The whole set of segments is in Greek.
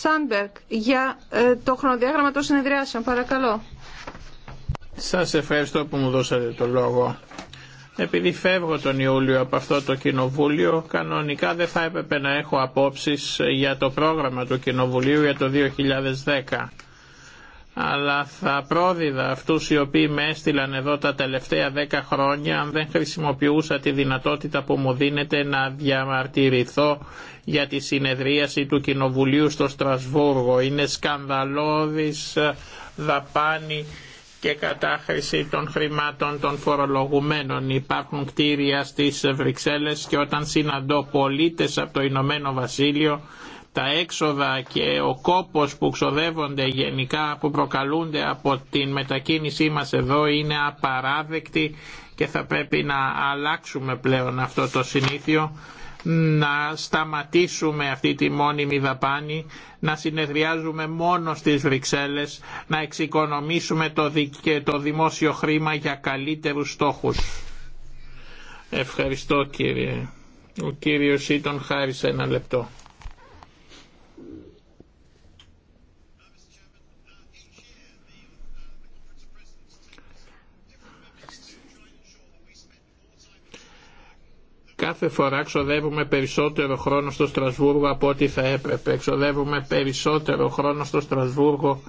Σάνμπερκ για ε, το χρονοδιάγραμμα των συνεδριάσεων. Παρακαλώ. Σας ευχαριστώ που μου δώσατε το λόγο. Επειδή φεύγω τον Ιούλιο από αυτό το Κοινοβούλιο, κανονικά δεν θα έπρεπε να έχω απόψεις για το πρόγραμμα του Κοινοβουλίου για το 2010 αλλά θα πρόδιδα αυτούς οι οποίοι με έστειλαν εδώ τα τελευταία δέκα χρόνια αν δεν χρησιμοποιούσα τη δυνατότητα που μου δίνεται να διαμαρτυρηθώ για τη συνεδρίαση του Κοινοβουλίου στο Στρασβούργο. Είναι σκανδαλώδης ε, δαπάνη και κατάχρηση των χρημάτων των φορολογουμένων. Υπάρχουν κτίρια στις Βρυξέλλες και όταν συναντώ πολίτες από το Ηνωμένο Βασίλειο τα έξοδα και ο κόπος που ξοδεύονται γενικά που προκαλούνται από την μετακίνησή μας εδώ είναι απαράδεκτη και θα πρέπει να αλλάξουμε πλέον αυτό το συνήθιο να σταματήσουμε αυτή τη μόνιμη δαπάνη, να συνεδριάζουμε μόνο στις Βρυξέλλες, να εξοικονομήσουμε το, δι... και το δημόσιο χρήμα για καλύτερους στόχους. Ευχαριστώ κύριε. Ο κύριος Ήτον χάρισε ένα λεπτό. Κάθε φορά ξοδεύουμε περισσότερο χρόνο στο Στρασβούργο από ό,τι θα έπρεπε. Ξοδεύουμε περισσότερο χρόνο στο Στρασβούργο.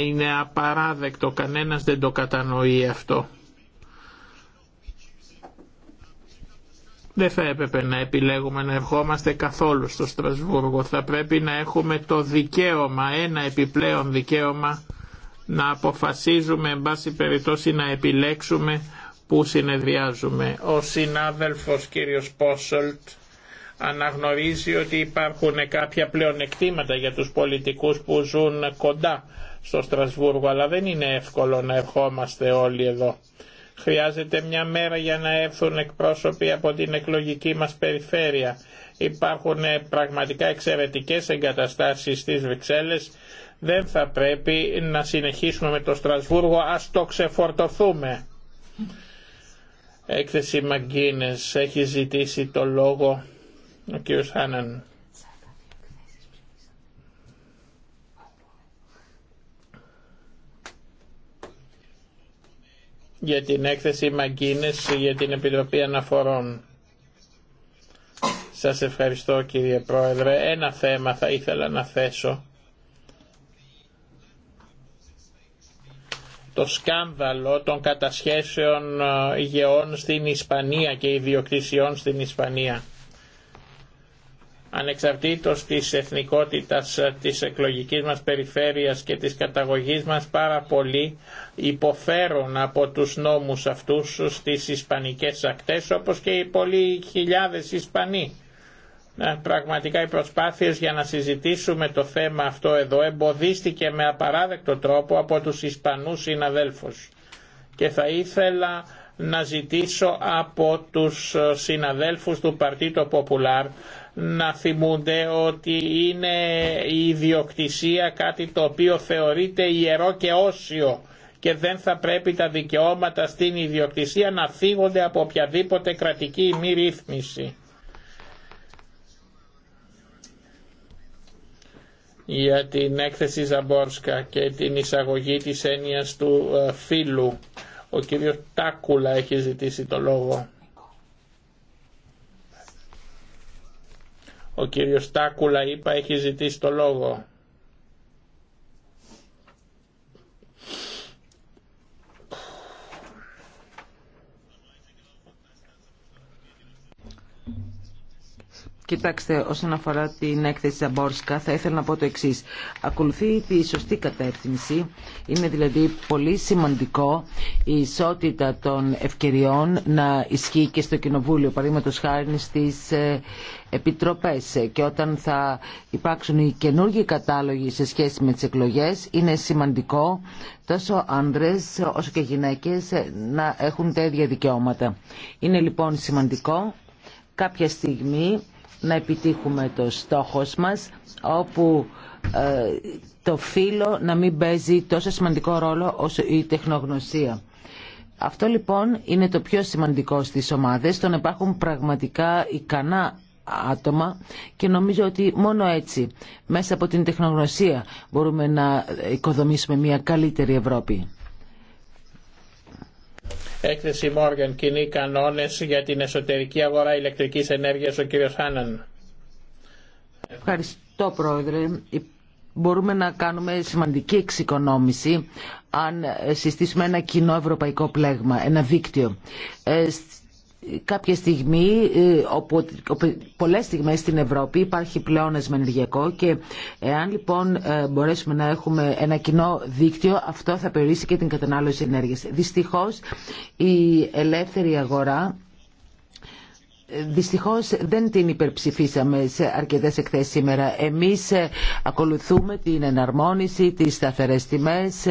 Είναι απαράδεκτο, κανένας δεν το κατανοεί αυτό. Δεν θα έπρεπε να επιλέγουμε να ερχόμαστε καθόλου στο Στρασβούργο. Θα πρέπει να έχουμε το δικαίωμα, ένα επιπλέον δικαίωμα, να αποφασίζουμε, εν πάση περιπτώσει, να επιλέξουμε που συνεδριάζουμε. Ο συνάδελφος κύριος Πόσολτ αναγνωρίζει ότι υπάρχουν κάποια πλεονεκτήματα για τους πολιτικούς που ζουν κοντά στο Στρασβούργο, αλλά δεν είναι εύκολο να ερχόμαστε όλοι εδώ. Χρειάζεται μια μέρα για να έρθουν εκπρόσωποι από την εκλογική μας περιφέρεια. Υπάρχουν πραγματικά εξαιρετικές εγκαταστάσεις στις Βρυξέλλες. Δεν θα πρέπει να συνεχίσουμε με το Στρασβούργο, ας το ξεφορτωθούμε έκθεση Μαγκίνες έχει ζητήσει το λόγο ο κ. Χάναν. για την έκθεση Μαγκίνες για την Επιτροπή Αναφορών. Σας ευχαριστώ κύριε Πρόεδρε. Ένα θέμα θα ήθελα να θέσω το σκάνδαλο των κατασχέσεων ε, γεών στην Ισπανία και ιδιοκτησιών στην Ισπανία. Ανεξαρτήτως της εθνικότητας ε, της εκλογικής μας περιφέρειας και της καταγωγής μας πάρα πολύ, υποφέρουν από τους νόμους αυτούς στις ισπανικές ακτές όπως και οι πολλοί χιλιάδες Ισπανοί ε, πραγματικά οι προσπάθειες για να συζητήσουμε το θέμα αυτό εδώ εμποδίστηκε με απαράδεκτο τρόπο από τους Ισπανούς συναδέλφους. Και θα ήθελα να ζητήσω από τους ε, συναδέλφους του Παρτίτο Ποπουλάρ να θυμούνται ότι είναι η ιδιοκτησία κάτι το οποίο θεωρείται ιερό και όσιο και δεν θα πρέπει τα δικαιώματα στην ιδιοκτησία να φύγονται από οποιαδήποτε κρατική μη ρύθμιση. για την έκθεση Ζαμπόρσκα και την εισαγωγή της έννοιας του ε, φίλου. Ο κύριος Τάκουλα έχει ζητήσει το λόγο. Ο κύριος Τάκουλα είπα έχει ζητήσει το λόγο. Κοιτάξτε, όσον αφορά την έκθεση Ζαμπόρσκα, θα ήθελα να πω το εξή. Ακολουθεί τη σωστή κατεύθυνση. Είναι δηλαδή πολύ σημαντικό η ισότητα των ευκαιριών να ισχύει και στο Κοινοβούλιο, παραδείγματο χάρη στι ε, επιτροπέ. Και όταν θα υπάρξουν οι καινούργιοι κατάλογοι σε σχέση με τι εκλογέ, είναι σημαντικό τόσο άντρε όσο και γυναίκε να έχουν τα ίδια δικαιώματα. Είναι λοιπόν σημαντικό κάποια στιγμή να επιτύχουμε το στόχος μας όπου ε, το φύλλο να μην παίζει τόσο σημαντικό ρόλο όσο η τεχνογνωσία. Αυτό λοιπόν είναι το πιο σημαντικό στις ομάδες, τον να υπάρχουν πραγματικά ικανά άτομα και νομίζω ότι μόνο έτσι, μέσα από την τεχνογνωσία, μπορούμε να οικοδομήσουμε μια καλύτερη Ευρώπη. Έκθεση Μόργαν, κοινοί κανόνε για την εσωτερική αγορά ηλεκτρικής ενέργειας, ο κύριος Χάναν. Ευχαριστώ Πρόεδρε. Μπορούμε να κάνουμε σημαντική εξοικονόμηση αν συστήσουμε ένα κοινό ευρωπαϊκό πλέγμα, ένα δίκτυο. Ε, κάποια στιγμή, ε, όπου πολλές στιγμές στην Ευρώπη υπάρχει πλεόνασμα ενεργειακό και εάν λοιπόν ε, μπορέσουμε να έχουμε ένα κοινό δίκτυο, αυτό θα περιορίσει και την κατανάλωση ενέργειας. Δυστυχώς η ελεύθερη αγορά ε, Δυστυχώς δεν την υπερψηφίσαμε σε αρκετές εκθέσεις σήμερα. Εμείς ακολουθούμε την εναρμόνιση, τις σταθερές τιμές,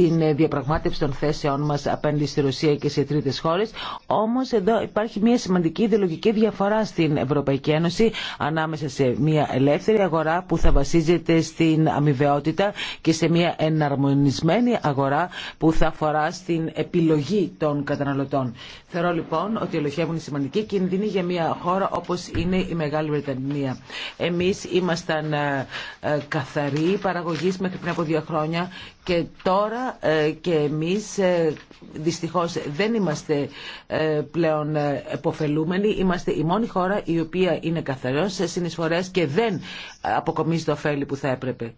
την ε, διαπραγμάτευση των θέσεών μας απέναντι στη Ρωσία και σε τρίτες χώρες. Όμως εδώ υπάρχει μια σημαντική ιδεολογική διαφορά στην Ευρωπαϊκή Ένωση ανάμεσα σε μια ελεύθερη αγορά που θα βασίζεται στην αμοιβαιότητα και σε μια εναρμονισμένη αγορά που θα αφορά στην επιλογή των καταναλωτών. Θεωρώ λοιπόν ότι ελοχεύουν σημαντική κινδύνη για μια χώρα όπως είναι η Μεγάλη Βρετανία. Εμείς ήμασταν ε, ε, καθαροί παραγωγή μέχρι πριν από δύο χρόνια και τώρα ε, και εμείς ε, δυστυχώς δεν είμαστε ε, πλέον εποφελούμενοι. Είμαστε η μόνη χώρα η οποία είναι καθαρός σε συνεισφορές και δεν αποκομίζει το ωφέλη που θα έπρεπε.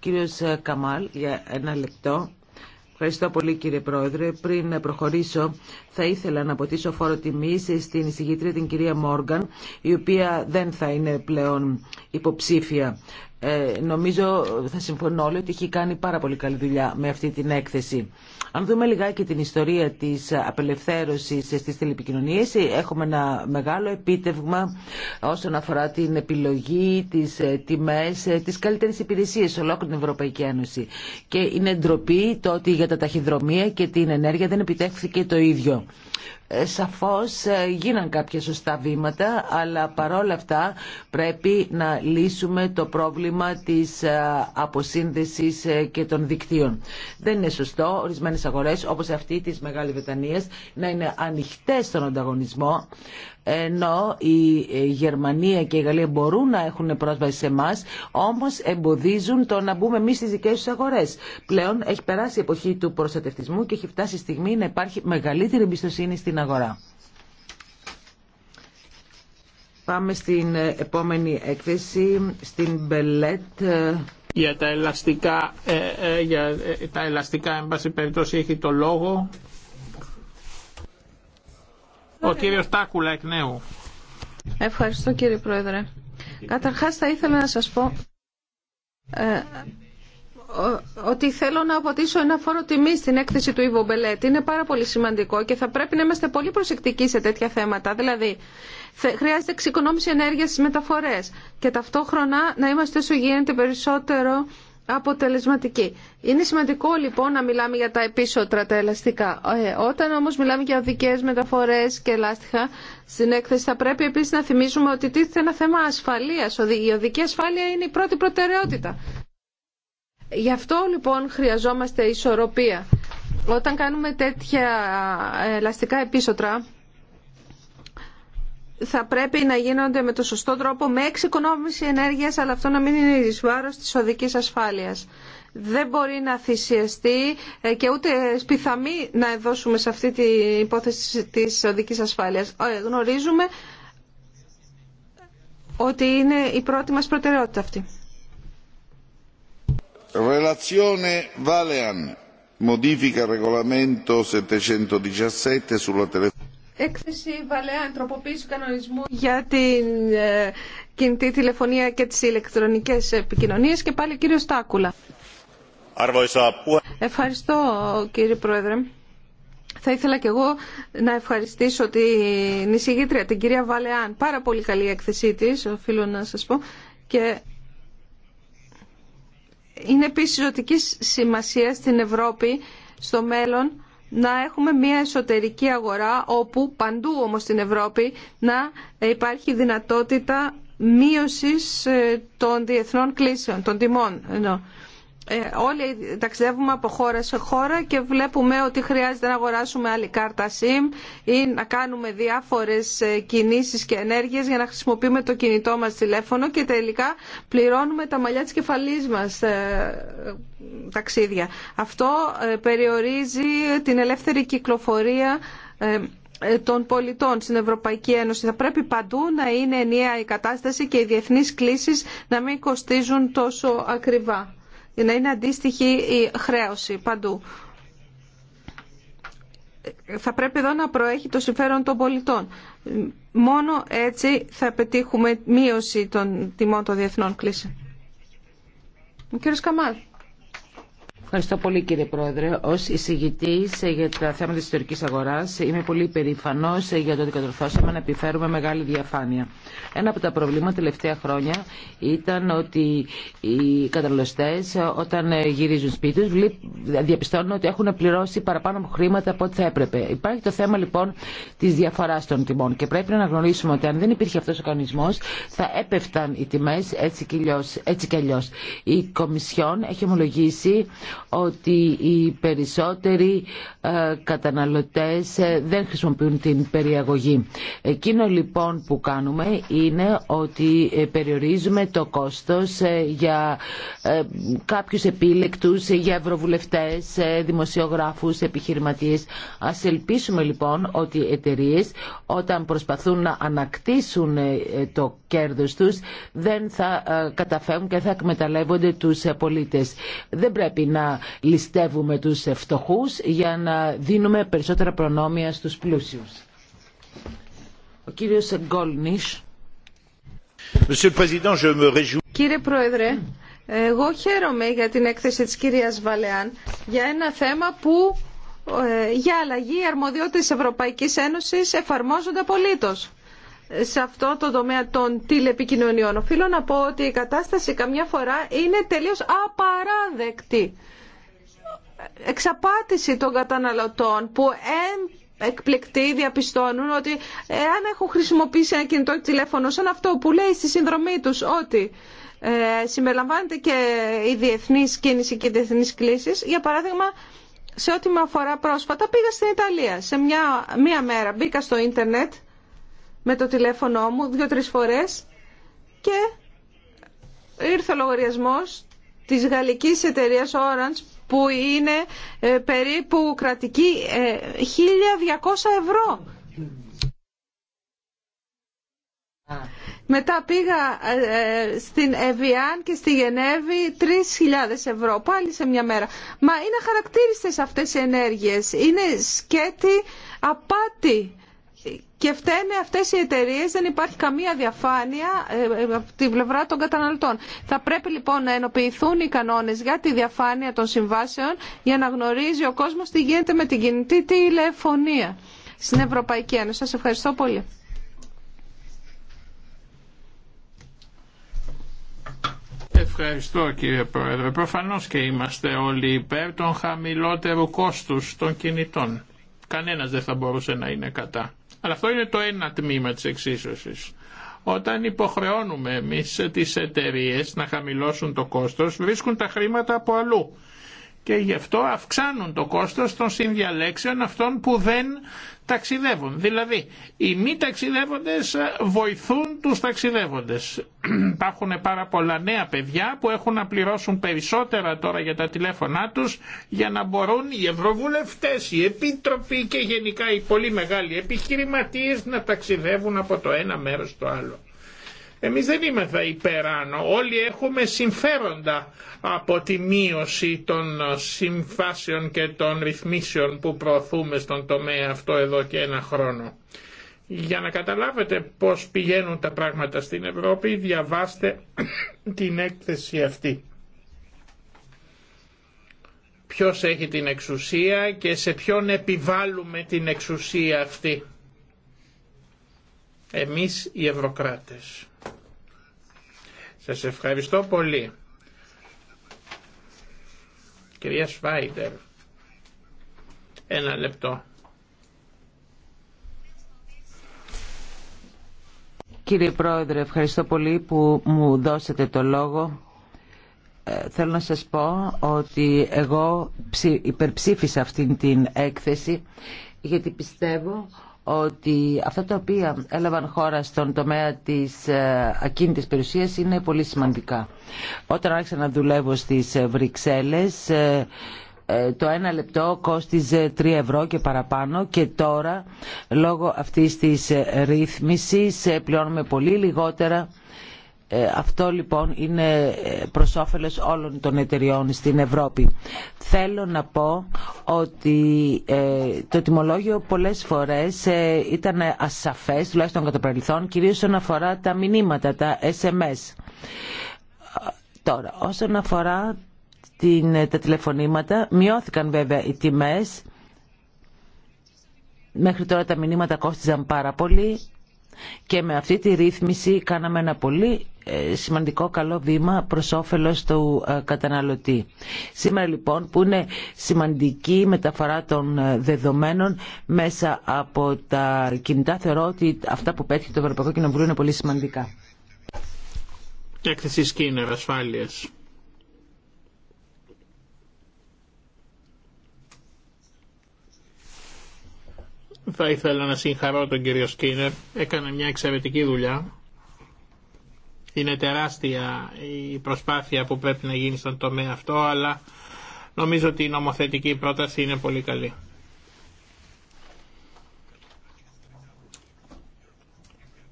Κύριος Καμάλ, για ένα λεπτό. Ευχαριστώ πολύ κύριε Πρόεδρε. Πριν προχωρήσω θα ήθελα να αποτίσω φόρο τιμή στην εισηγήτρια την κυρία Μόργαν η οποία δεν θα είναι πλέον υποψήφια ε, νομίζω θα συμφωνώ όλοι ότι έχει κάνει πάρα πολύ καλή δουλειά με αυτή την έκθεση. Αν δούμε λιγάκι την ιστορία της απελευθέρωσης στις τηλεπικοινωνίες, έχουμε ένα μεγάλο επίτευγμα όσον αφορά την επιλογή, της ε, τιμές, ε, τις καλύτερες υπηρεσίε σε ολόκληρη την Ευρωπαϊκή Ένωση. Και είναι ντροπή το ότι για τα ταχυδρομεία και την ενέργεια δεν επιτέχθηκε το ίδιο. Ε, σαφώς ε, γίναν κάποια σωστά βήματα, αλλά παρόλα αυτά πρέπει να λύσουμε το πρόβλημα της ε, αποσύνδεσης και των δικτύων. Δεν είναι σωστό ορισμένες αγορές όπως αυτή της Μεγάλη βρετανία, να είναι ανοιχτές στον ανταγωνισμό ενώ η ε, Γερμανία και η Γαλλία μπορούν να έχουν πρόσβαση σε εμά, όμω εμποδίζουν το να μπούμε εμεί στι δικέ του αγορέ. Πλέον έχει περάσει η εποχή του προστατευτισμού και έχει φτάσει η στιγμή να υπάρχει μεγαλύτερη εμπιστοσύνη στην αγορά. Πάμε στην ε, επόμενη έκθεση, στην Μπελέτ. Για τα ελαστικά, ε, για τα ελαστικά, εν πάση περιπτώσει, έχει το λόγο ο κύριος Τάκουλα εκ νέου. Ευχαριστώ κύριε Πρόεδρε. Καταρχάς θα ήθελα να σας πω ε, ότι θέλω να αποτύσω ένα φόρο τιμή στην έκθεση του Ιβο Μπελέτη. Είναι πάρα πολύ σημαντικό και θα πρέπει να είμαστε πολύ προσεκτικοί σε τέτοια θέματα. Δηλαδή, χρειάζεται εξοικονόμηση ενέργεια στι μεταφορέ και ταυτόχρονα να είμαστε όσο γίνεται περισσότερο αποτελεσματική. Είναι σημαντικό λοιπόν να μιλάμε για τα επίσωτρα, τα ελαστικά. Ε, όταν όμως μιλάμε για οδικές μεταφορές και ελάστιχα στην έκθεση θα πρέπει επίσης να θυμίσουμε ότι τίθεται ένα θέμα ασφαλείας. Η οδική ασφάλεια είναι η πρώτη προτεραιότητα. Γι' αυτό λοιπόν χρειαζόμαστε ισορροπία. Όταν κάνουμε τέτοια ε, ελαστικά επίσωτρα θα πρέπει να γίνονται με το σωστό τρόπο, με εξοικονόμηση ενέργειας, αλλά αυτό να μην είναι ει βάρο τη οδική ασφάλειας. Δεν μπορεί να θυσιαστεί ε, και ούτε σπιθαμή να δώσουμε σε αυτή την υπόθεση της οδικής ασφάλειας. Ε, γνωρίζουμε ότι είναι η πρώτη μας προτεραιότητα αυτή. Relazione Valean. Modifica regolamento 717 sulla Έκθεση Βαλεάν, τροποποίηση κανονισμού για την ε, κινητή τηλεφωνία και τις ηλεκτρονικές επικοινωνίες και πάλι κύριο Στάκουλα. Ευχαριστώ κύριε Πρόεδρε. Θα ήθελα και εγώ να ευχαριστήσω την εισηγήτρια, την κυρία Βαλεάν. Πάρα πολύ καλή η έκθεσή της, οφείλω να σας πω. Και είναι επίσης ζωτικής σημασία στην Ευρώπη, στο μέλλον, να έχουμε μια εσωτερική αγορά όπου παντού όμως στην Ευρώπη να υπάρχει δυνατότητα μείωσης ε, των διεθνών κλίσεων, των τιμών. Ε, όλοι ταξιδεύουμε από χώρα σε χώρα και βλέπουμε ότι χρειάζεται να αγοράσουμε άλλη κάρτα SIM ή να κάνουμε διάφορες ε, κινήσεις και ενέργειες για να χρησιμοποιούμε το κινητό μας τηλέφωνο και τελικά πληρώνουμε τα μαλλιά της κεφαλής μας ε, ταξίδια. Αυτό περιορίζει την ελεύθερη κυκλοφορία των πολιτών στην Ευρωπαϊκή Ένωση. Θα πρέπει παντού να είναι ενιαία η κατάσταση και οι διεθνείς κλήσεις να μην κοστίζουν τόσο ακριβά για να είναι αντίστοιχη η χρέωση παντού. Θα πρέπει εδώ να προέχει το συμφέρον των πολιτών. Μόνο έτσι θα πετύχουμε μείωση των τιμών των διεθνών κλίσεων. Ο κύριος Καμάλ. Ευχαριστώ πολύ κύριε Πρόεδρε. Ω εισηγητή ε, για τα θέματα τη ιστορική αγορά ε, είμαι πολύ υπερηφανό ε, για το ότι κατορθώσαμε να επιφέρουμε μεγάλη διαφάνεια. Ένα από τα προβλήματα τελευταία χρόνια ήταν ότι οι καταναλωστές όταν γυρίζουν σπίτι του διαπιστώνουν ότι έχουν πληρώσει παραπάνω χρήματα από ό,τι θα έπρεπε. Υπάρχει το θέμα λοιπόν τη διαφορά των τιμών και πρέπει να αναγνωρίσουμε ότι αν δεν υπήρχε αυτό ο κανονισμό θα έπεφταν οι τιμέ έτσι κι αλλιώ. Η Κομισιόν έχει ομολογήσει ότι οι περισσότεροι ε, καταναλωτές ε, δεν χρησιμοποιούν την περιαγωγή. Εκείνο λοιπόν που κάνουμε είναι ότι ε, περιορίζουμε το κόστος για κάποιους επίλεκτους, για ευρωβουλευτές, δημοσιογράφους, επιχειρηματίες. Ας ελπίσουμε λοιπόν ότι οι εταιρείε όταν προσπαθούν να ανακτήσουν το κέρδος τους δεν θα καταφέρουν και θα εκμεταλλεύονται τους πολίτες. Δεν πρέπει να ληστεύουμε τους φτωχούς για να δίνουμε περισσότερα προνόμια στους πλούσιους. Ο κύριος Γκόλνης. Κύριε Πρόεδρε, εγώ χαίρομαι για την έκθεση της κυρίας Βαλεάν για ένα θέμα που ε, για αλλαγή οι αρμοδιότητες Ευρωπαϊκής Ένωσης εφαρμόζονται απολύτως σε αυτό το τομέα των τηλεπικοινωνιών. Οφείλω να πω ότι η κατάσταση καμιά φορά είναι τελείως απαράδεκτη εξαπάτηση των καταναλωτών που εν εκπληκτοί διαπιστώνουν ότι αν έχουν χρησιμοποιήσει ένα κινητό τηλέφωνο σαν αυτό που λέει στη συνδρομή τους ότι ε, συμπεριλαμβάνεται και η διεθνής κίνηση και οι διεθνείς κλήσεις. Για παράδειγμα, σε ό,τι με αφορά πρόσφατα πήγα στην Ιταλία. Σε μια, μια μέρα μπήκα στο ίντερνετ με το τηλέφωνο μου δύο-τρεις φορές και ήρθε ο λογαριασμός της γαλλικής εταιρείας Orange που είναι ε, περίπου κρατική 1.200 ε, ευρώ. Μετά πήγα ε, στην Εβιάν και στη Γενέβη 3.000 ευρώ, πάλι σε μια μέρα. Μα είναι χαρακτήριστες αυτές οι ενέργειες. Είναι σκέτη απάτη και φταίνε αυτέ οι εταιρείε, δεν υπάρχει καμία διαφάνεια ε, ε, από την πλευρά των καταναλωτών. Θα πρέπει λοιπόν να ενοποιηθούν οι κανόνε για τη διαφάνεια των συμβάσεων για να γνωρίζει ο κόσμο τι γίνεται με την κινητή τηλεφωνία στην Ευρωπαϊκή Ένωση. Σα ευχαριστώ πολύ. Ευχαριστώ κύριε Πρόεδρε. Προφανώς και είμαστε όλοι υπέρ των χαμηλότερου κόστους των κινητών. Κανένας δεν θα μπορούσε να είναι κατά. Αλλά αυτό είναι το ένα τμήμα της εξίσωσης. Όταν υποχρεώνουμε εμείς τις εταιρείες να χαμηλώσουν το κόστος, βρίσκουν τα χρήματα από αλλού και γι' αυτό αυξάνουν το κόστος των συνδιαλέξεων αυτών που δεν ταξιδεύουν. Δηλαδή, οι μη ταξιδεύοντες ε, βοηθούν τους ταξιδεύοντες. Υπάρχουν πάρα πολλά νέα παιδιά που έχουν να πληρώσουν περισσότερα τώρα για τα τηλέφωνά τους για να μπορούν οι ευρωβουλευτές, οι επίτροποι και γενικά οι πολύ μεγάλοι επιχειρηματίες να ταξιδεύουν από το ένα μέρος στο άλλο. Εμείς δεν είμαστε υπεράνω, όλοι έχουμε συμφέροντα από τη μείωση των συμφάσεων και των ρυθμίσεων που προωθούμε στον τομέα αυτό εδώ και ένα χρόνο. Για να καταλάβετε πώς πηγαίνουν τα πράγματα στην Ευρώπη, διαβάστε την έκθεση αυτή. Ποιος έχει την εξουσία και σε ποιον επιβάλλουμε την εξουσία αυτή. Εμείς οι Ευρωκράτες. Σας ευχαριστώ πολύ. Κυρία Σφάιντερ, ένα λεπτό. Κύριε Πρόεδρε, ευχαριστώ πολύ που μου δώσετε το λόγο. Ε, θέλω να σας πω ότι εγώ υπερψήφισα αυτήν την έκθεση γιατί πιστεύω ότι αυτά τα οποία έλαβαν χώρα στον τομέα της ε, ακίνητης περιουσίας είναι πολύ σημαντικά. Όταν άρχισα να δουλεύω στις ε, Βρυξέλλες ε, το ένα λεπτό κόστιζε 3 ευρώ και παραπάνω και τώρα λόγω αυτής της ρύθμισης πληρώνουμε πολύ λιγότερα ε, αυτό λοιπόν είναι ε, προς όφελος όλων των εταιριών στην Ευρώπη. Θέλω να πω ότι ε, το τιμολόγιο πολλές φορές ήταν ασαφές, τουλάχιστον κατά παρελθόν, κυρίως όσον αφορά τα μηνύματα, τα SMS. Τώρα, όσον αφορά την, τα τηλεφωνήματα, μειώθηκαν βέβαια οι τιμές. Μέχρι τώρα τα μηνύματα κόστιζαν πάρα πολύ. Και με αυτή τη ρύθμιση κάναμε ένα πολύ ε, σημαντικό καλό βήμα προς όφελος του ε, καταναλωτή. Σήμερα λοιπόν που είναι σημαντική η μεταφορά των ε, δεδομένων μέσα από τα κινητά θεωρώ ότι αυτά που πέτυχε το Ευρωπαϊκό Κοινοβουλίο είναι πολύ σημαντικά. Έκθεση ασφάλειας. Θα ήθελα να συγχαρώ τον κύριο Σκίνερ. Έκανε μια εξαιρετική δουλειά. Είναι τεράστια η προσπάθεια που πρέπει να γίνει στον τομέα αυτό, αλλά νομίζω ότι η νομοθετική πρόταση είναι πολύ καλή.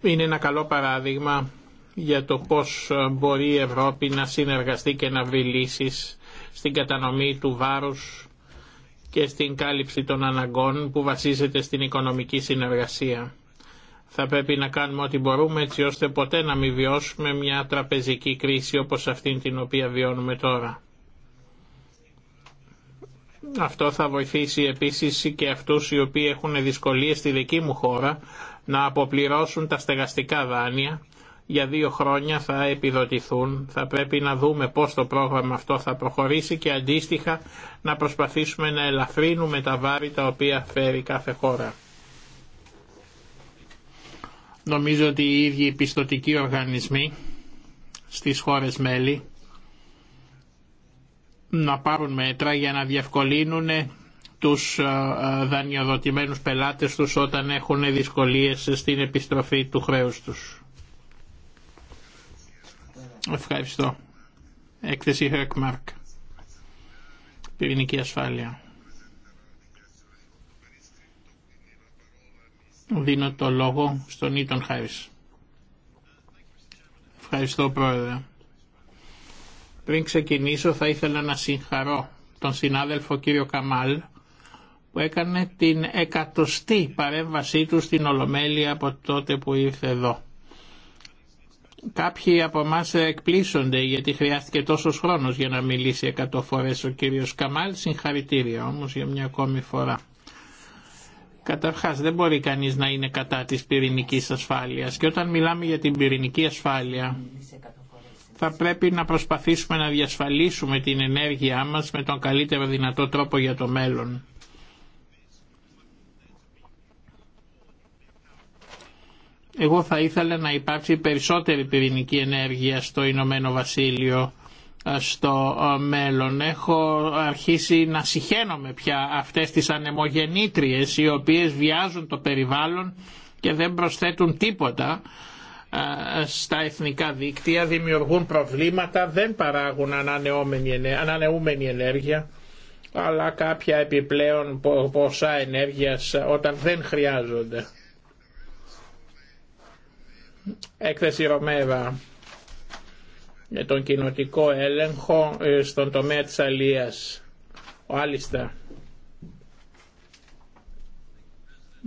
Είναι ένα καλό παράδειγμα για το πώς μπορεί η Ευρώπη να συνεργαστεί και να βρει λύσεις στην κατανομή του βάρους και στην κάλυψη των αναγκών που βασίζεται στην οικονομική συνεργασία. Θα πρέπει να κάνουμε ό,τι μπορούμε έτσι ώστε ποτέ να μην βιώσουμε μια τραπεζική κρίση όπως αυτήν την οποία βιώνουμε τώρα. Αυτό θα βοηθήσει επίσης και αυτούς οι οποίοι έχουν δυσκολίες στη δική μου χώρα να αποπληρώσουν τα στεγαστικά δάνεια για δύο χρόνια θα επιδοτηθούν. Θα πρέπει να δούμε πώς το πρόγραμμα αυτό θα προχωρήσει και αντίστοιχα να προσπαθήσουμε να ελαφρύνουμε τα βάρη τα οποία φέρει κάθε χώρα. Νομίζω ότι οι ίδιοι οι πιστοτικοί οργανισμοί στις χώρες μέλη να πάρουν μέτρα για να διευκολύνουν τους ε, ε, δανειοδοτημένους πελάτες τους όταν έχουν δυσκολίες στην επιστροφή του χρέους τους. Ευχαριστώ. Έκθεση Höckmark. Πυρηνική ασφάλεια. Δίνω το λόγο στον Ήτον Χάρις. Ευχαριστώ πρόεδρε. Πριν ξεκινήσω θα ήθελα να συγχαρώ τον συνάδελφο κύριο Καμάλ που έκανε την εκατοστή παρέμβασή του στην Ολομέλεια από τότε που ήρθε εδώ. Κάποιοι από εμά εκπλήσονται γιατί χρειάστηκε τόσος χρόνος για να μιλήσει εκατό φορές ο κύριος Καμάλ. Συγχαρητήρια όμως για μια ακόμη φορά. Καταρχάς δεν μπορεί κανείς να είναι κατά της πυρηνικής ασφάλειας και όταν μιλάμε για την πυρηνική ασφάλεια θα πρέπει να προσπαθήσουμε να διασφαλίσουμε την ενέργειά μας με τον καλύτερο δυνατό τρόπο για το μέλλον. Εγώ θα ήθελα να υπάρξει περισσότερη πυρηνική ενέργεια στο Ηνωμένο Βασίλειο ε, στο ε, μέλλον. Έχω αρχίσει να συχαίνομαι πια αυτές τις ανεμογεννήτριες οι οποίες βιάζουν το περιβάλλον και δεν προσθέτουν τίποτα ε, στα εθνικά δίκτυα, δημιουργούν προβλήματα, δεν παράγουν ανανεούμενη ενέργεια αλλά κάποια επιπλέον ποσά ενέργειας όταν δεν χρειάζονται. Έκθεση Ρωμέβα για τον κοινοτικό έλεγχο ε, στον τομέα της αλίας. Ο Άλιστα.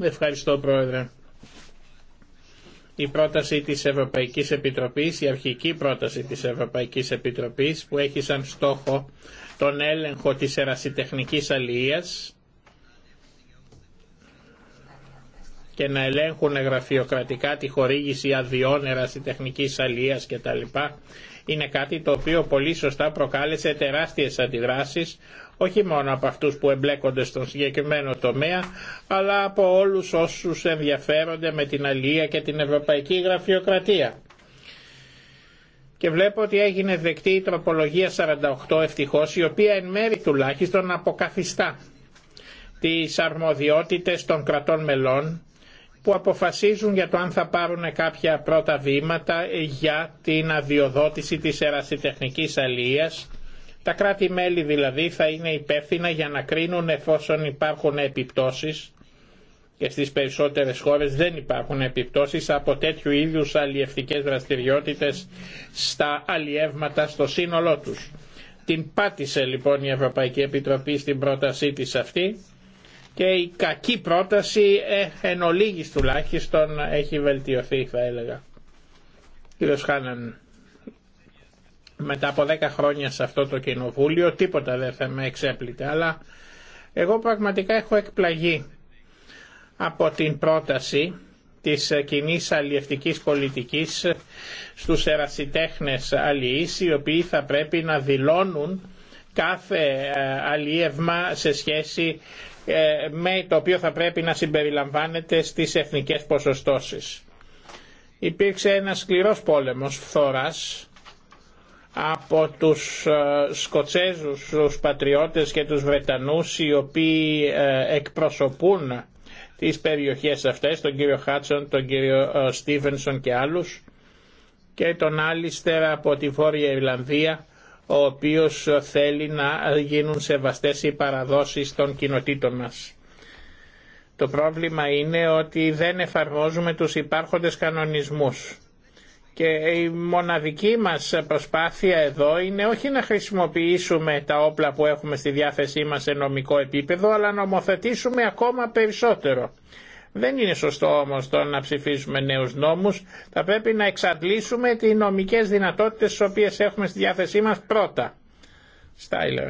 Ευχαριστώ Πρόεδρε. Η πρόταση της Ευρωπαϊκής Επιτροπής, η αρχική πρόταση της Ευρωπαϊκής Επιτροπής που έχει σαν στόχο τον έλεγχο της ερασιτεχνικής αλίας και να ελέγχουν γραφειοκρατικά τη χορήγηση αδειών ερασιτεχνικής αλίας κτλ. Είναι κάτι το οποίο πολύ σωστά προκάλεσε τεράστιες αντιδράσεις όχι μόνο από αυτούς που εμπλέκονται στον συγκεκριμένο τομέα αλλά από όλους όσους ενδιαφέρονται με την αλία και την ευρωπαϊκή γραφειοκρατία. Και βλέπω ότι έγινε δεκτή η τροπολογία 48 ευτυχώς η οποία εν μέρη τουλάχιστον αποκαθιστά τις αρμοδιότητες των κρατών μελών που αποφασίζουν για το αν θα πάρουν κάποια πρώτα βήματα για την αδειοδότηση της ερασιτεχνικής αλίας. Τα κράτη-μέλη δηλαδή θα είναι υπεύθυνα για να κρίνουν εφόσον υπάρχουν επιπτώσεις και στις περισσότερες χώρες δεν υπάρχουν επιπτώσεις από τέτοιου είδους αλλιευτικές δραστηριότητες στα αλλιεύματα στο σύνολό τους. Την πάτησε λοιπόν η Ευρωπαϊκή Επιτροπή στην πρότασή της αυτή και η κακή πρόταση ε, εν ολίγης τουλάχιστον έχει βελτιωθεί θα έλεγα. Κύριος Χάναν, μετά από 10 χρόνια σε αυτό το κοινοβούλιο τίποτα δεν θα με εξέπλητε αλλά εγώ πραγματικά έχω εκπλαγεί από την πρόταση της κοινή αλλιευτικής πολιτικής στους ερασιτέχνες αλλιείς οι οποίοι θα πρέπει να δηλώνουν κάθε ε, αλλιεύμα σε σχέση ε, με το οποίο θα πρέπει να συμπεριλαμβάνεται στις εθνικές ποσοστώσεις. Υπήρξε ένα σκληρός πόλεμος φθοράς από τους ε, Σκοτσέζους, τους Πατριώτες και τους Βρετανούς οι οποίοι ε, εκπροσωπούν τις περιοχές αυτές, τον κύριο Χάτσον, τον κύριο Στίβενσον και άλλους και τον Άλιστερα από τη Βόρεια Ιρλανδία ο οποίος θέλει να γίνουν σεβαστές οι παραδόσεις των κοινοτήτων μας. Το πρόβλημα είναι ότι δεν εφαρμόζουμε τους υπάρχοντες κανονισμούς. Και η μοναδική μας προσπάθεια εδώ είναι όχι να χρησιμοποιήσουμε τα όπλα που έχουμε στη διάθεσή μας σε νομικό επίπεδο, αλλά να ομοθετήσουμε ακόμα περισσότερο. Δεν είναι σωστό όμω το να ψηφίσουμε νέου νόμου. Θα πρέπει να εξαντλήσουμε τι νομικέ δυνατότητε, τι οποίε έχουμε στη διάθεσή μα πρώτα. Στάιλερ.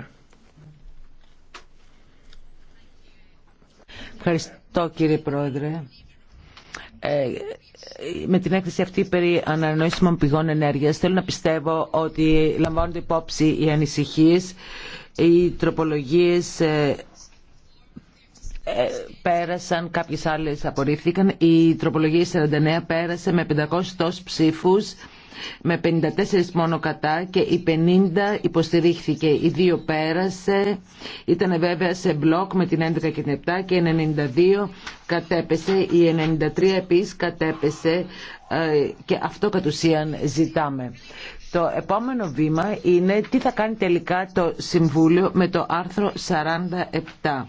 Ευχαριστώ κύριε Πρόεδρε. Ε, με την έκθεση αυτή περί ανανοήσιμων πηγών ενέργειας θέλω να πιστεύω ότι λαμβάνονται υπόψη οι ανησυχίες, οι τροπολογίες ε, ε, πέρασαν, κάποιε άλλε απορρίφθηκαν. Η τροπολογία 49 πέρασε με 500 τόσους ψήφους, με 54 μόνο κατά και η 50 υποστηρίχθηκε. Η 2 πέρασε, ήταν βέβαια σε μπλοκ με την 11 και την 7 και η 92 κατέπεσε, η 93 επίση κατέπεσε ε, και αυτό κατ' ουσίαν ζητάμε. Το επόμενο βήμα είναι τι θα κάνει τελικά το Συμβούλιο με το άρθρο 47.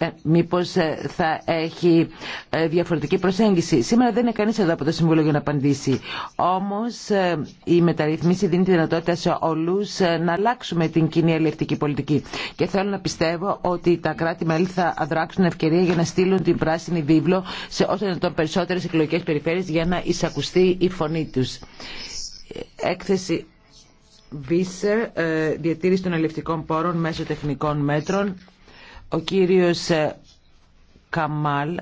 Ε, μήπως ε, θα έχει ε, διαφορετική προσέγγιση. Σήμερα δεν είναι κανείς εδώ από το Συμβούλιο για να απαντήσει. Όμως η μεταρρυθμίση δίνει τη δυνατότητα σε όλους να αλλάξουμε την κοινή αλληλευτική πολιτική. Και θέλω να πιστεύω ότι τα κράτη-μέλη θα αδράξουν ευκαιρία για να στείλουν την πράσινη βίβλο σε όσο δυνατόν περισσότερες εκλογικές περιφέρειες για να εισακουστεί η φωνή τους. Έκθεση Βίσερ, διατήρηση των αλληλευτικών πόρων μέσω τεχνικών μέτρων. Ο κύριος ε, Καμάλ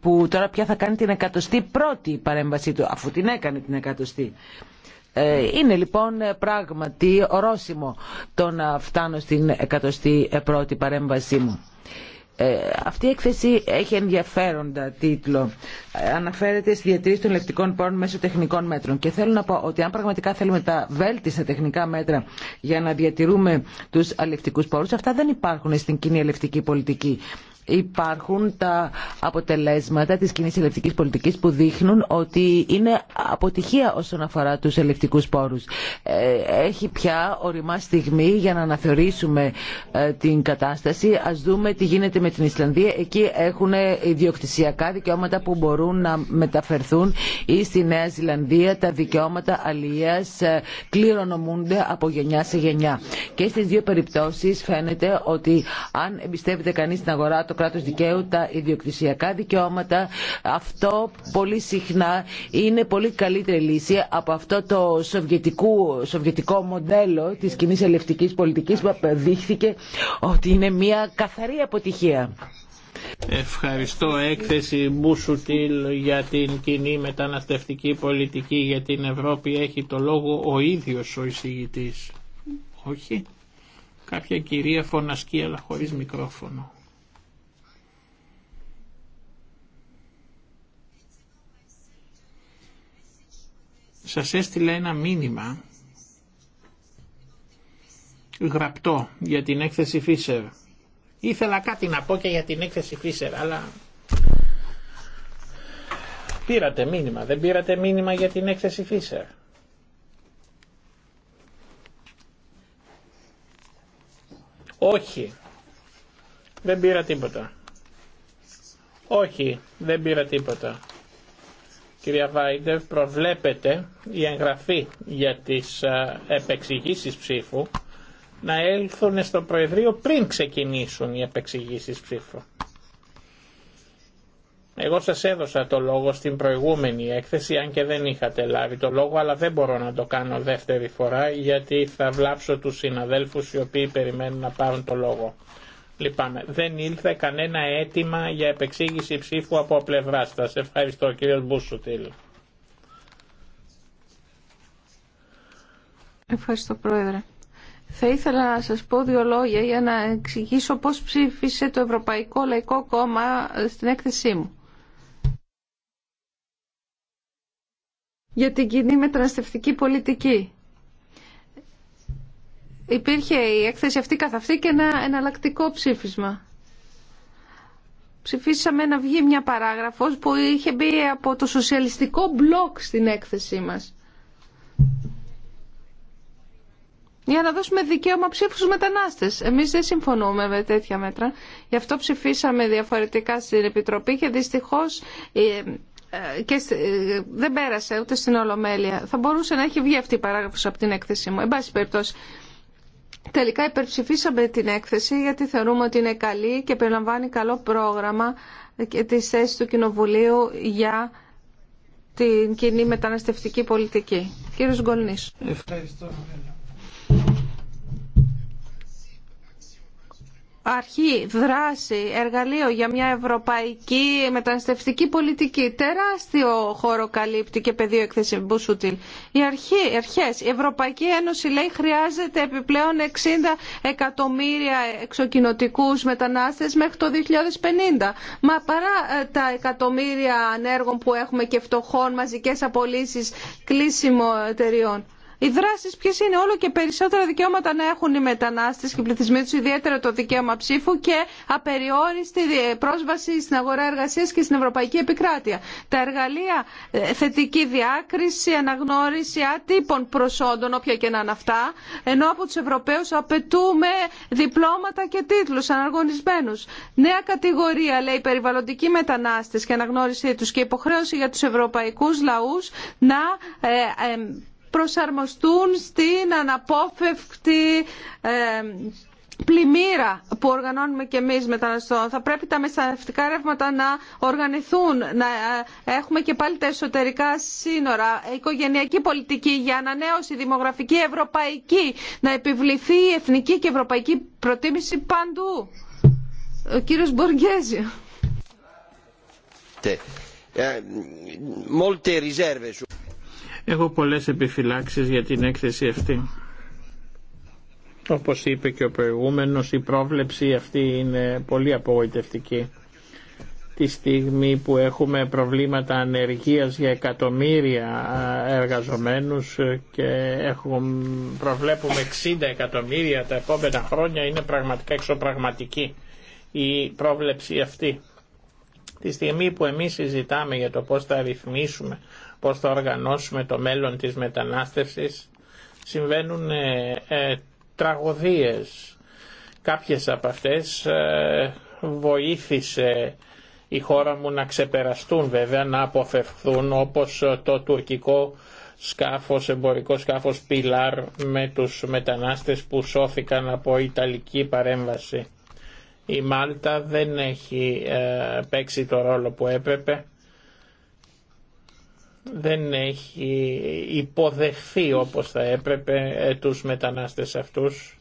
που τώρα πια θα κάνει την εκατοστή πρώτη παρέμβασή του, αφού την έκανε την εκατοστή. Ε, είναι λοιπόν ε, πράγματι ορόσημο το να φτάνω στην εκατοστή πρώτη παρέμβασή μου. Ε, αυτή η έκθεση έχει ενδιαφέροντα τίτλο. Ε, αναφέρεται στη διατήρηση των λεπτικών πόρων μέσω τεχνικών μέτρων. Και θέλω να πω ότι αν πραγματικά θέλουμε τα βέλτιστα τεχνικά μέτρα για να διατηρούμε του αλευτικού πόρου, αυτά δεν υπάρχουν στην κοινή αλευτική πολιτική υπάρχουν τα αποτελέσματα της κοινή ελευτικής πολιτικής που δείχνουν ότι είναι αποτυχία όσον αφορά τους ελευτικούς πόρους. Ε, έχει πια οριμά στιγμή για να αναθεωρήσουμε ε, την κατάσταση. Ας δούμε τι γίνεται με την Ισλανδία. Εκεί έχουν ιδιοκτησιακά δικαιώματα που μπορούν να μεταφερθούν ή στη Νέα Ζηλανδία τα δικαιώματα αλληλείας ε, κληρονομούνται από γενιά σε γενιά. Και στις δύο περιπτώσεις φαίνεται ότι αν εμπιστεύεται κανείς στην αγορά κράτος δικαίου, τα ιδιοκτησιακά δικαιώματα. Αυτό πολύ συχνά είναι πολύ καλύτερη λύση από αυτό το σοβιετικό, σοβιετικό μοντέλο της κοινή ελευτικής πολιτικής που αποδείχθηκε ότι είναι μια καθαρή αποτυχία. Ευχαριστώ έκθεση Μπούσουτιλ για την κοινή μεταναστευτική πολιτική για την Ευρώπη. Έχει το λόγο ο ίδιος ο εισηγητής. Όχι. Κάποια κυρία φωνασκή αλλά χωρίς μικρόφωνο. σας έστειλα ένα μήνυμα γραπτό για την έκθεση Φίσερ. Ήθελα κάτι να πω και για την έκθεση Φίσερ, αλλά πήρατε μήνυμα. Δεν πήρατε μήνυμα για την έκθεση Φίσερ. Όχι. Δεν πήρα τίποτα. Όχι, δεν πήρα τίποτα κυρία Βάιντερ, προβλέπεται η εγγραφή για τις ε, επεξηγήσεις ψήφου να έλθουν στο Προεδρείο πριν ξεκινήσουν οι επεξηγήσεις ψήφου. Εγώ σας έδωσα το λόγο στην προηγούμενη έκθεση, αν και δεν είχατε λάβει το λόγο, αλλά δεν μπορώ να το κάνω δεύτερη φορά, γιατί θα βλάψω τους συναδέλφους οι οποίοι περιμένουν να πάρουν το λόγο. Λοιπόν, δεν ήλθε κανένα αίτημα για επεξήγηση ψήφου από πλευρά σα. Ευχαριστώ, κύριο Μπούσουτιλ. Ευχαριστώ, Πρόεδρε. Θα ήθελα να σας πω δύο λόγια για να εξηγήσω πώς ψήφισε το Ευρωπαϊκό Λαϊκό Κόμμα στην έκθεσή μου. Για την κοινή μεταναστευτική πολιτική υπήρχε η έκθεση αυτή καθ' αυτή και ένα εναλλακτικό ψήφισμα. Ψηφίσαμε να βγει μια παράγραφος που είχε μπει από το σοσιαλιστικό μπλοκ στην έκθεσή μας. Για να δώσουμε δικαίωμα ψήφου στους μετανάστες. Εμείς δεν συμφωνούμε με τέτοια μέτρα. Γι' αυτό ψηφίσαμε διαφορετικά στην Επιτροπή και δυστυχώς ε, ε, και ε, δεν πέρασε ούτε στην Ολομέλεια. Θα μπορούσε να έχει βγει αυτή η παράγραφος από την έκθεσή μου. Εν πάση περιπτώσει, Τελικά υπερψηφίσαμε την έκθεση γιατί θεωρούμε ότι είναι καλή και περιλαμβάνει καλό πρόγραμμα και τις θέση του Κοινοβουλίου για την κοινή μεταναστευτική πολιτική. Κύριος Γκολνής. Ευχαριστώ. αρχή, δράση, εργαλείο για μια ευρωπαϊκή μεταναστευτική πολιτική. Τεράστιο χώρο καλύπτει και πεδίο εκθέση Μπουσούτιλ. Οι αρχή, αρχές, η Ευρωπαϊκή Ένωση λέει χρειάζεται επιπλέον 60 εκατομμύρια εξοκοινοτικούς μετανάστες μέχρι το 2050. Μα παρά ε, τα εκατομμύρια ανέργων που έχουμε και φτωχών, μαζικές απολύσεις, κλείσιμο εταιριών οι δράσει ποιε είναι όλο και περισσότερα δικαιώματα να έχουν οι μετανάστε και οι πληθυσμοί του, ιδιαίτερα το δικαίωμα ψήφου και απεριόριστη πρόσβαση στην αγορά εργασία και στην ευρωπαϊκή επικράτεια. Τα εργαλεία ε, θετική διάκριση, αναγνώριση άτυπων προσόντων, όποια και να είναι αυτά, ενώ από του Ευρωπαίου απαιτούμε διπλώματα και τίτλου, αναγωνισμένους. Νέα κατηγορία, λέει, περιβαλλοντική μετανάστε και αναγνώρισή τους και υποχρέωση για του ευρωπαϊκού λαού να ε, ε, προσαρμοστούν στην αναπόφευκτη ε, πλημμύρα που οργανώνουμε και εμείς μεταναστών. Θα πρέπει τα μεσανευτικά ρεύματα να οργανηθούν, να ε, έχουμε και πάλι τα εσωτερικά σύνορα, οικογενειακή πολιτική για ανανέωση, δημογραφική, ευρωπαϊκή, να επιβληθεί η εθνική και ευρωπαϊκή προτίμηση παντού. Ο κύριος Μποργέζιο. Ε, Έχω πολλές επιφυλάξεις για την έκθεση αυτή. Όπως είπε και ο προηγούμενος, η πρόβλεψη αυτή είναι πολύ απογοητευτική. Τη στιγμή που έχουμε προβλήματα ανεργίας για εκατομμύρια εργαζομένους και έχουμε, προβλέπουμε 60 εκατομμύρια τα επόμενα χρόνια είναι πραγματικά εξωπραγματική η πρόβλεψη αυτή. Τη στιγμή που εμείς συζητάμε για το πώς θα ρυθμίσουμε πώς θα οργανώσουμε το μέλλον της μετανάστευσης συμβαίνουν ε, ε τραγωδίες. Κάποιες από αυτές ε, βοήθησε η χώρα μου να ξεπεραστούν βέβαια, να αποφευθούν, όπως ε, το τουρκικό σκάφος, εμπορικό σκάφος Πιλάρ με τους μετανάστες που σώθηκαν από Ιταλική παρέμβαση. Η Μάλτα δεν έχει παίξει το ρόλο που έπρεπε δεν έχει υποδεχθεί όπως θα έπρεπε ε, τους μετανάστες αυτούς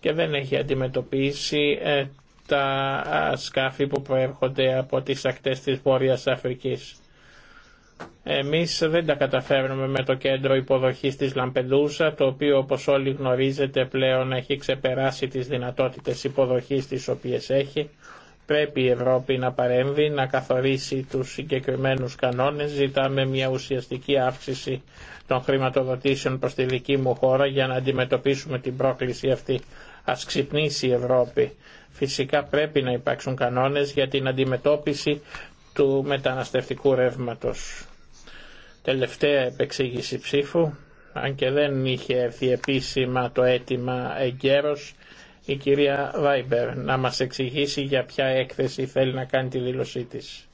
και δεν έχει αντιμετωπίσει ε, τα σκάφη που προέρχονται από τις ακτές της Βόρειας Αφρικής. Εμείς δεν τα καταφέρνουμε με το κέντρο υποδοχής της Λαμπεντούσα, το οποίο όπως όλοι γνωρίζετε πλέον έχει ξεπεράσει τις δυνατότητες υποδοχής τις οποίες έχει πρέπει η Ευρώπη να παρέμβει, να καθορίσει τους συγκεκριμένους κανόνες. Ζητάμε μια ουσιαστική αύξηση των χρηματοδοτήσεων προς τη δική μου χώρα για να αντιμετωπίσουμε την πρόκληση αυτή. Ας ξυπνήσει η Ευρώπη. Φυσικά πρέπει να υπάρξουν κανόνες για την αντιμετώπιση του μεταναστευτικού ρεύματος. Τελευταία επεξήγηση ψήφου, αν και δεν είχε έρθει επίσημα το αίτημα εγκαίρως, η κυρία Βάιμπερ να μας εξηγήσει για ποια έκθεση θέλει να κάνει τη δήλωσή της.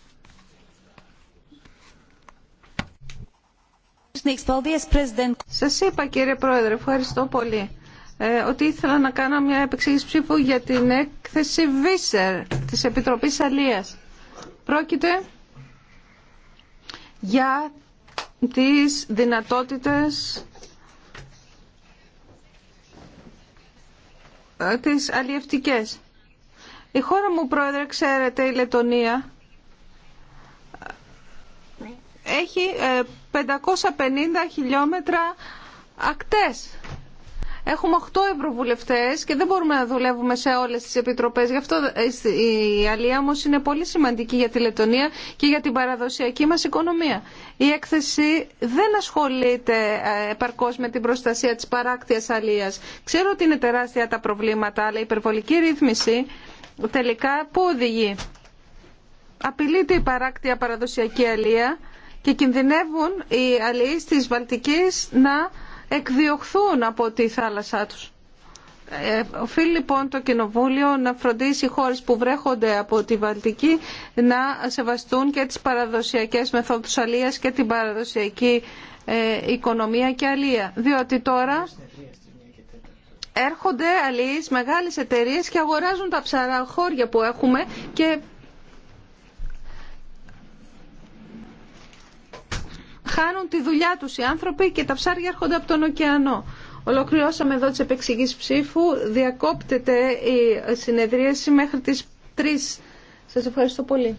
Σας είπα κύριε Πρόεδρε, ευχαριστώ πολύ, ε, ότι ήθελα να κάνω μια επεξήγηση ψήφου για την έκθεση Βίσερ της Επιτροπής Αλίας. Πρόκειται για τις δυνατότητες Ε, τις αλλιευτικές. Η χώρα μου, Πρόεδρε, ξέρετε, η Λετωνία, έχει 550 ε, χιλιόμετρα ακτές Έχουμε 8 ευρωβουλευτέ και δεν μπορούμε να δουλεύουμε σε όλε τι επιτροπέ, Γι' αυτό ε, η αλία όμω είναι πολύ σημαντική για τη Λετωνία και για την παραδοσιακή μα οικονομία. Η έκθεση δεν ασχολείται ε, επαρκώ με την προστασία τη παράκτεια αλίας. Ξέρω ότι είναι τεράστια τα προβλήματα, αλλά η υπερβολική ρύθμιση τελικά πού οδηγεί. Απειλείται η παράκτεια παραδοσιακή αλία και κινδυνεύουν οι αλληλείς τη Βαλτική να εκδιωχθούν από τη θάλασσά τους. Ε, οφείλει λοιπόν το Κοινοβούλιο να φροντίσει οι χώρες που βρέχονται από τη Βαλτική να σεβαστούν και τις παραδοσιακές μεθόδους αλίας και την παραδοσιακή ε, οικονομία και αλία. Διότι τώρα έρχονται αλίες μεγάλες εταιρείες και αγοράζουν τα χώρια που έχουμε και χάνουν τη δουλειά του οι άνθρωποι και τα ψάρια έρχονται από τον ωκεανό. Ολοκληρώσαμε εδώ τις επεξηγήσεις ψήφου. Διακόπτεται η συνεδρίαση μέχρι τις 3. Σα ευχαριστώ πολύ.